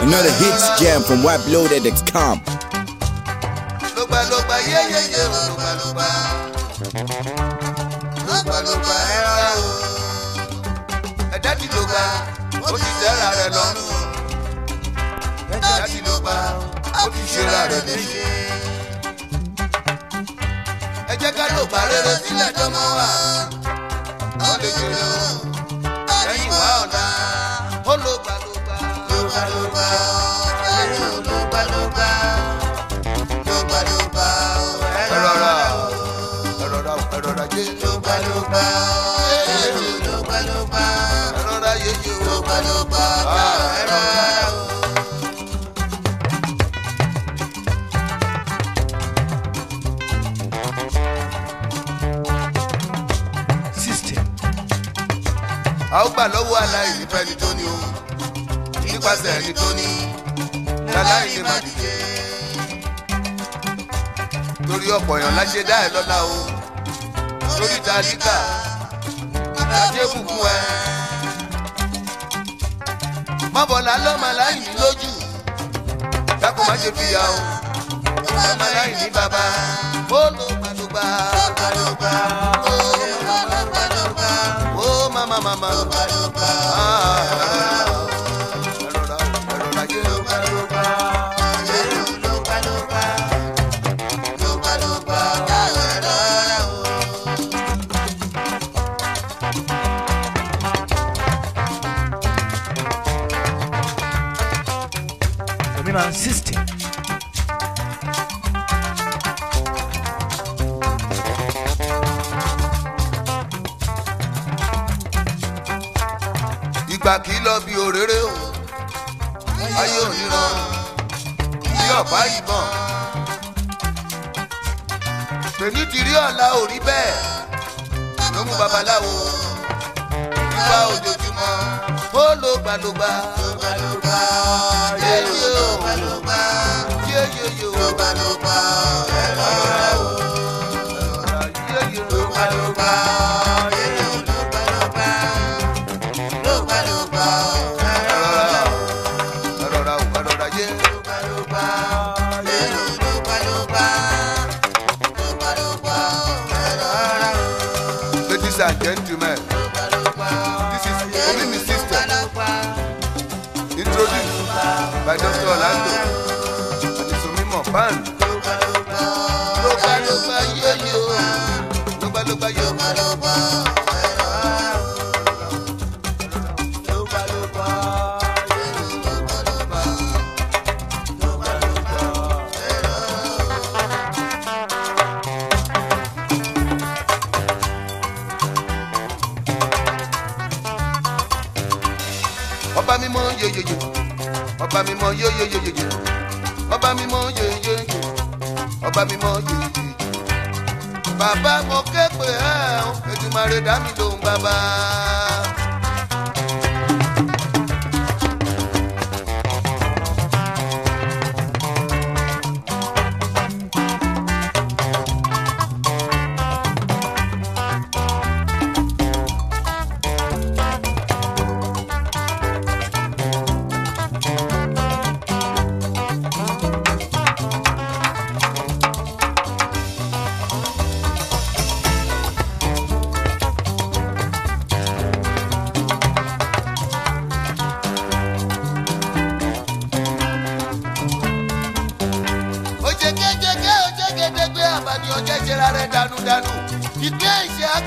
Another hits jam from WhiteBloated.com. Loba loba yeah yeah yeah loba loba loba loba loba. ó ti ṣera rẹ̀ léṣe. ẹ jẹ́ ká lò bá rere sílẹ̀ dánmọ́. a ó gbà lọ́wọ́ aláì nípa ẹni tó ní o nípasẹ̀ ẹni tó ní láláì ní máa torí ọ̀pọ̀ èèyàn láṣẹ dá ẹ lọ́lá o lórí ìta níkà ìdájẹ́ bùkún ẹ. mọ́bọ̀lá lọ́mọ aláì ní lójú dákun má ṣe fìyà o lọ́mọ aláì ní bàbá ó ló gbàdúgbà gbàdúgbà ó ló gbàdúgbà mama mama. Rúbarúba. Ẹ̀rọ̀ra ẹ̀rọ̀ra lọ bí òréré o ayé òníran bí ọ̀pá ìbọn pẹ̀lú tìrí ọ̀la ò rí bẹ́ẹ̀ ló mú babaláwo wá ojoojúmọ́ ó ló gbàlógbà ló gbàlógbà yẹn. ọba mímọ́ yeyeye ọba mímọ́ yeyeyeye ọba mímọ́ yeyeye ọba mímọ́ yeyeye bàbá mo ké pè ẹ́ Èdùmàrè dá mi lóhùn bàbá.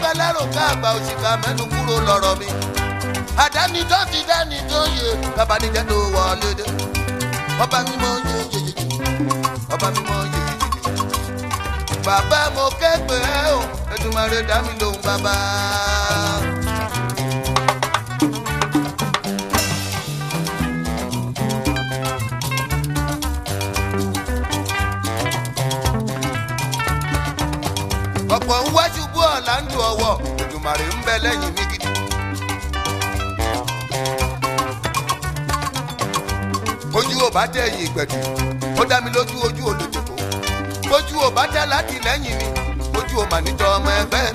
pẹ́ lẹ́rù ká àgbà òṣìkà mẹ́nu kúrò lọ́rọ̀ mi. àdáni tó ti dání tó yẹ bàbá ní jẹ́ tó wọlé dé. ọba mi mọ yé yéyé ọba mi mọ yé yéyé. bàbá mo kẹ́gbẹ́ o Èdùmàrè dá mi lóhùn bàbá. ọ̀pọ̀ ń wájú láńdù ọwọ́ Òdùmarè ń bẹ lẹ́yìn mi gidi. ojú ò bá tẹ ẹ̀yìn ìgbẹ̀dù ó dá mi lójú ojú olùdìbò ojú ò bá tẹ láti lẹ́yìn mi ojú ò mà nítọ́ ọmọ ẹgbẹ́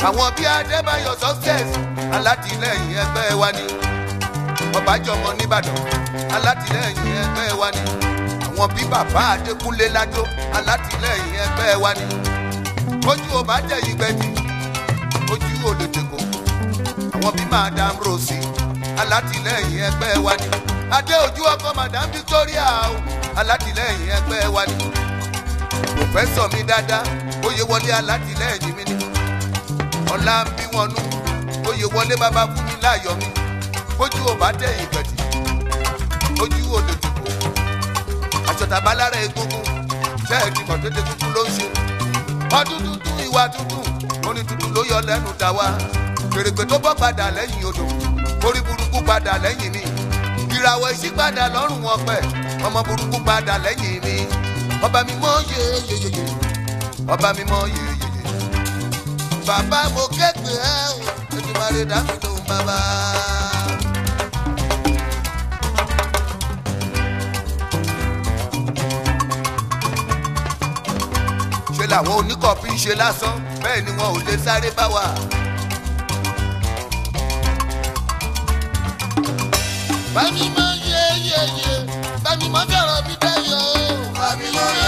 mi àwọn bíi Adébáyọ̀ success alátìlẹ́yìn ẹgbẹ́ wa ni Ọbájọmọ nìbàdàn alátìlẹ́yìn ẹgbẹ́ wa ni àwọn bíi bàbá Adékúnlé Lájó alátìlẹ́yìn ẹgbẹ́ wa ni bójú ò bá jẹ́ ìgbẹ́jì ojú ò lè tèkó àwọn bí madam rosi alátìlẹ́yìn ẹgbẹ́ wa ni adé ojú ọkọ madam victoria o alátìlẹ́yìn ẹgbẹ́ wa ni pòfẹ́sọ̀ mi dáadáa oyè wọlé alátìlẹ́yìn mi ni ọlá ń bí wọn nú oyè wọlé bàbá fún mi láyọ̀ mi bójú ò bá jẹ́ ìgbẹ́jì ojú ò àṣọ tàbá egungun bẹ́ẹ̀ ni mọ̀tẹ́tẹ́ kúkú ló ń ṣe ọdún tuntun ìwà tuntun orin tuntun ló yọ lẹ́nu dá wa fèrèpè tó bọ́ padà lẹ́yìn odò orí burúkú padà lẹ́yìn mi ìràwọ̀ ìṣí padà lọ́rùn ọ̀pẹ ọmọ burúkú padà lẹ́yìn mi ọba mi mọ yeyeyeye ọba mi mọ yeyeye bàbá mo kẹ́gbẹ̀ẹ́ o ètò ìmàlè dàmínú bàbá. làwọn oníkọ̀ọ́fì ń ṣe lásán bẹ́ẹ̀ ni wọn ò lè sáré bá wa. bámi mọ yeye bámi mọ fẹ́ràn mi dẹ́yọ̀ bámi mọ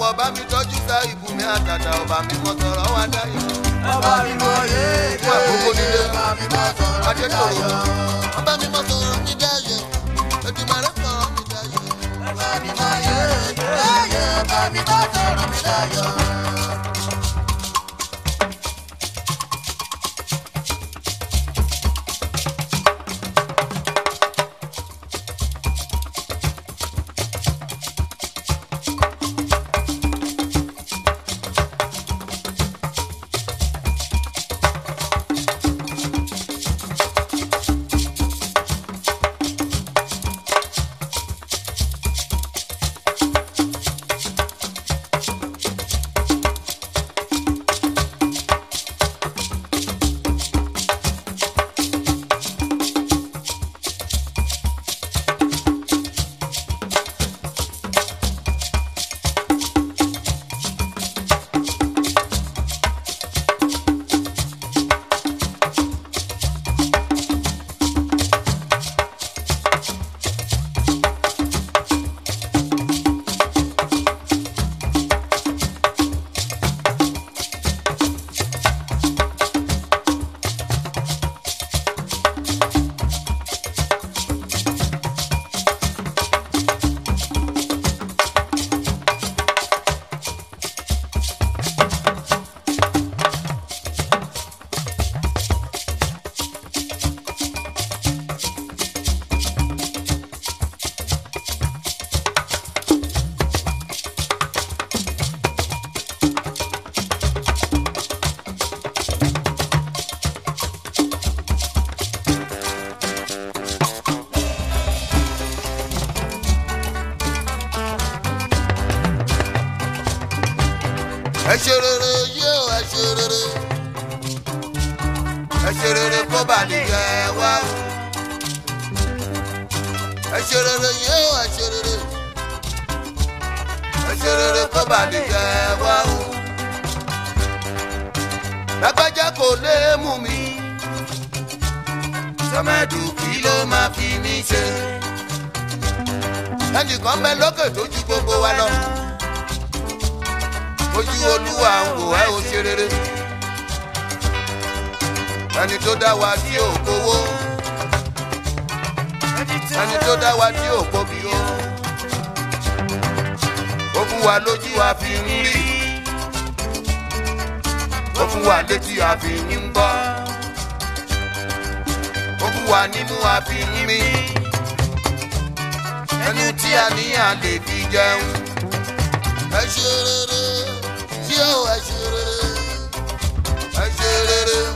dàpọ̀ bá mi tọ́jú sa ìbùnmi àtàtà ọba mi mọ tọrọ wá dáyọ̀. ọba mi mọ yé ìwé àkókò nílé ọba mi mọ tọrọ mi dáyọ̀. ọba mi mọ tọrọ mi dáyọ̀ ojúmọ̀rẹ́ tọrọ mi dáyọ̀. ọba mi mọ yé ìwé àyè ọba mi mọ tọrọ mi dáyọ̀. ẹ ṣe rere kó bà nìyẹn wá o ẹ ṣe rere yóò ẹ ṣe rere ẹ ṣe rere kó bà nìyẹn wá o lágbájá kò lè mú mi sọmẹdù kí ló máa fi mí ṣe ẹnìkan bẹ lókè tó ju gbogbo wa lọ ojú olúwa ń wò ẹ ò ṣe rere ẹni tó dá wa ní òkòwò ẹni tó dá wa ní òkòbí o ó fún wa lójú a fi ń rí ó fún wa létí a fi ń gbọ́ ó fún wa nínú a fi ń mí ẹni tí a ní à lè fi jẹun ẹ ṣe rere tí ó ẹ ṣe rere ẹ ṣe rere.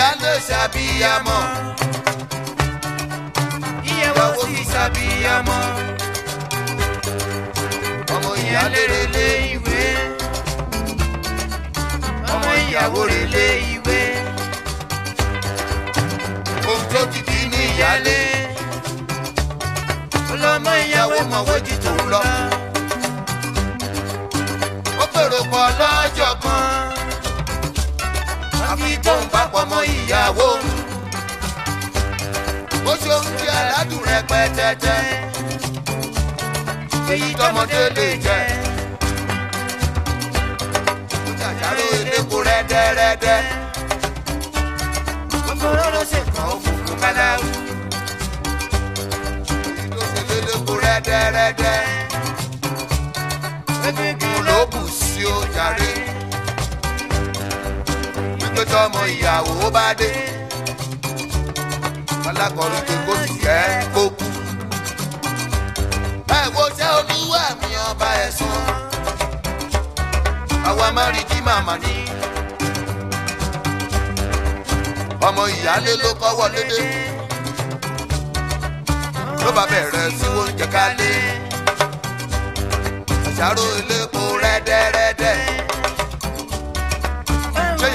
ìyá ló ṣàbíyamọ. ìyàwó sì ṣàbíyamọ. ọmọ ìyá lèrè lé ìwé. ọmọ ìyàwó rè lé ìwé. ohun tó ti kí ni ìyálé. ọlọ́mọ ìyàwó mọ̀wé ti tòun lọ. ó pèrò pọ̀ lọ́jọ́. ìyàwó ó ṣe oúnjẹ aládùn rẹpẹtẹtẹ èyí tọmọdé lè jẹ ó jàjàrò eléko rẹdẹrẹdẹ gbogbo rọrọ ṣe kàn ó funfun káláwù èyí tó ṣe léléko rẹdẹrẹdẹ egungun ló bù sí ó jàre tọmọ ìyàwó bá dé alákọ̀ọ́rọ̀ pé kó sì kẹ́ kó kú. ẹ wo ṣé olúwa mi ọba ẹ̀ sùn àwa má rí kí màmá ní. ọmọ ìyáálé ló kọ́ wọlé dé ló bá bẹ̀rẹ̀ sí oúnjẹ kálé àṣàrò ilé kó rẹ́dẹ́rẹ́dẹ́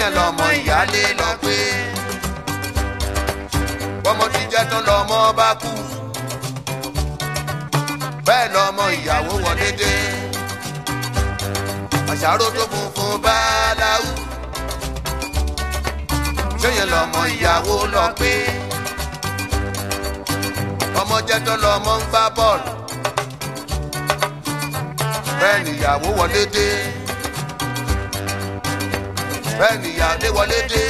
yẹn lọmọ ìyáálé lọ pé bọ́mọ jíjẹ tán lọmọ bá kú bẹ́ẹ̀ lọmọ ìyàwó wọlé dé àṣàrò tó funfun bá láwù ṣé yẹn lọmọ ìyàwó lọ pé ọmọ jẹ tán lọmọ ń fa bọ́ọ̀lù bẹ́ẹ̀ nìyàwó wọlé dé bẹ́ẹ̀ ni ìyá lé wọlé dé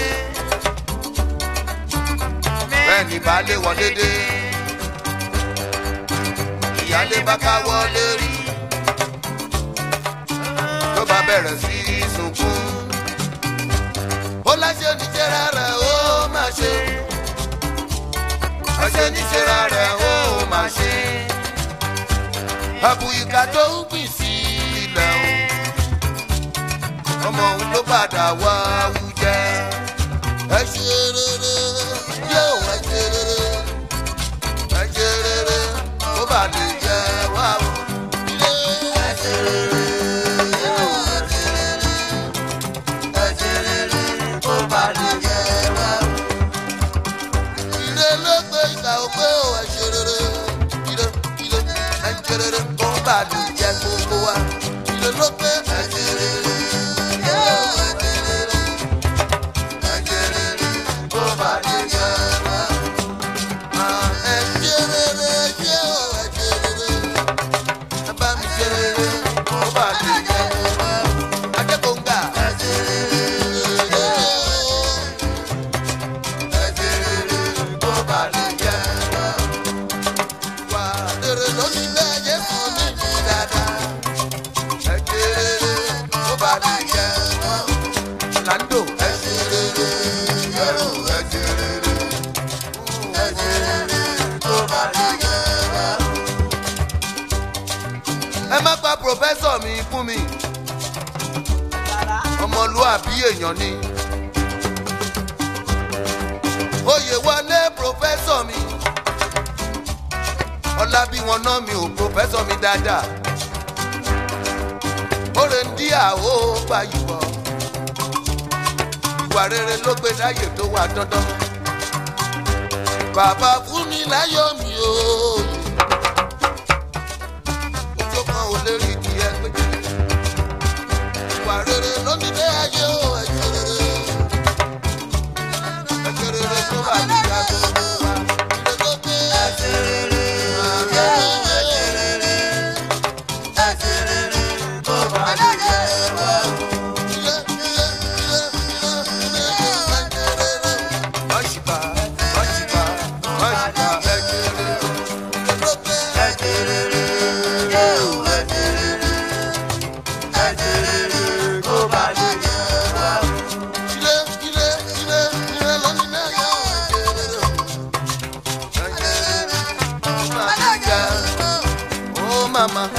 bẹ́ẹ̀ ni bá lé wọlé dé ìyá lé bá ká wọlé rí ló bá bẹ̀rẹ̀ sí í sunkún ó láṣẹ oníṣẹ́ rárá ó máa ṣe ọṣẹ oníṣẹ́ rárá ó máa ṣe àbùyíká tó ń gbìn sí ọmọ òun ló padà wá wú jẹ ẹ ṣe pòfẹ́sọ̀ mi fún mi ọmọlúàbí èèyàn ni oyè wọlé pòfẹ́sọ̀ mi ọlá bí wọn ná mi ò pòfẹ́sọ̀ mi dáadáa oore ń dí àwọ̀ gbayìbọ̀ ìwà rere ló gbé láyè tó wà dandan bàbá fún mi láyọ̀ mi ooo. mama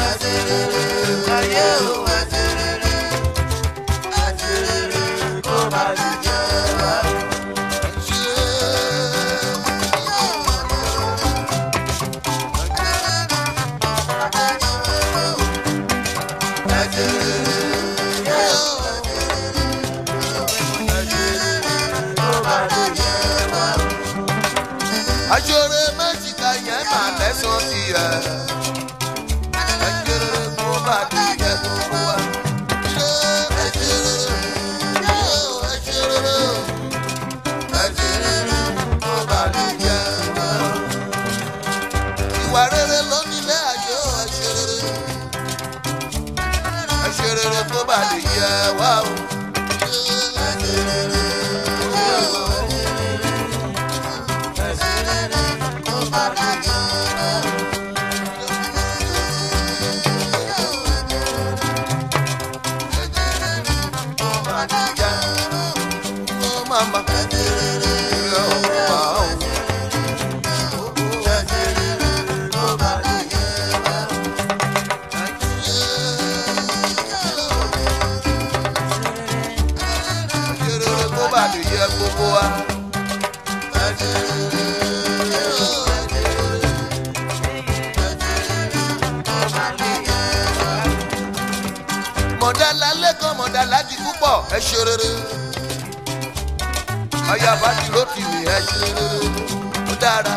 ó dára.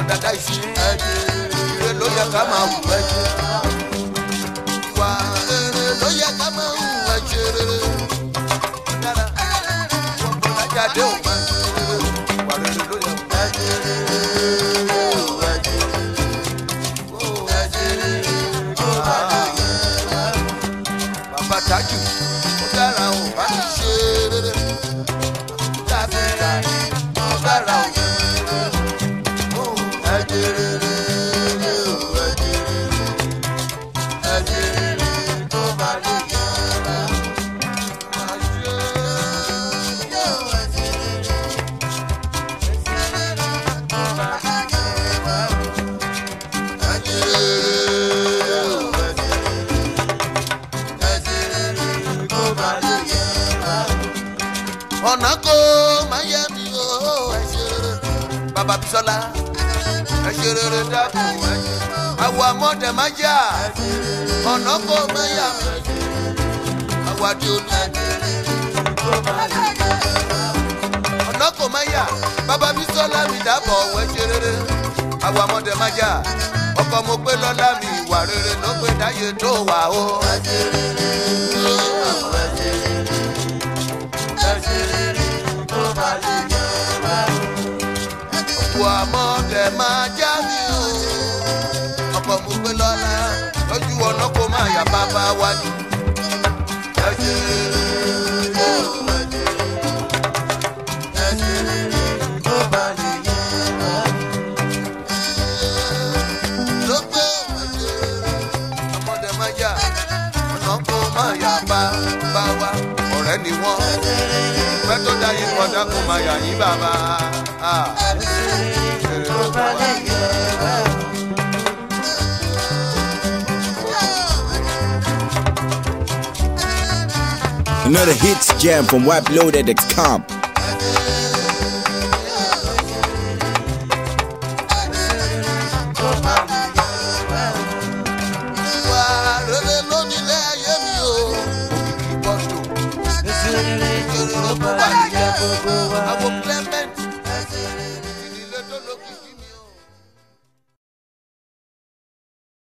Ọ̀dàdà ìsìn ìrè ló yẹ ká máa ọ̀nà kó má yẹ mi o ẹ ṣe rere bàbá Bísọ́lá ẹ ṣe rere dákú àwọ̀ àmọ́dẹ̀ má yà ọ̀nà kó má yà àwọ̀ àdé òní ọ̀nà kó má yà bàbá Bísọ́lá mi dábọ̀ ẹ ṣe rere àwọ̀ àmọ́dẹ̀ má yà ọkọ̀ mo pé lọ́lá mi ìwà rere ló pé dáyé tó wà ó. àmọ́ kẹ̀ máa já mi ò ṣe ọkọ̀ mo gbé lọ́la lójú ọ̀nà kó kọjá yìí kọjá kó máa yà yín bàbá. Another hits jam from WAPLoaded.com.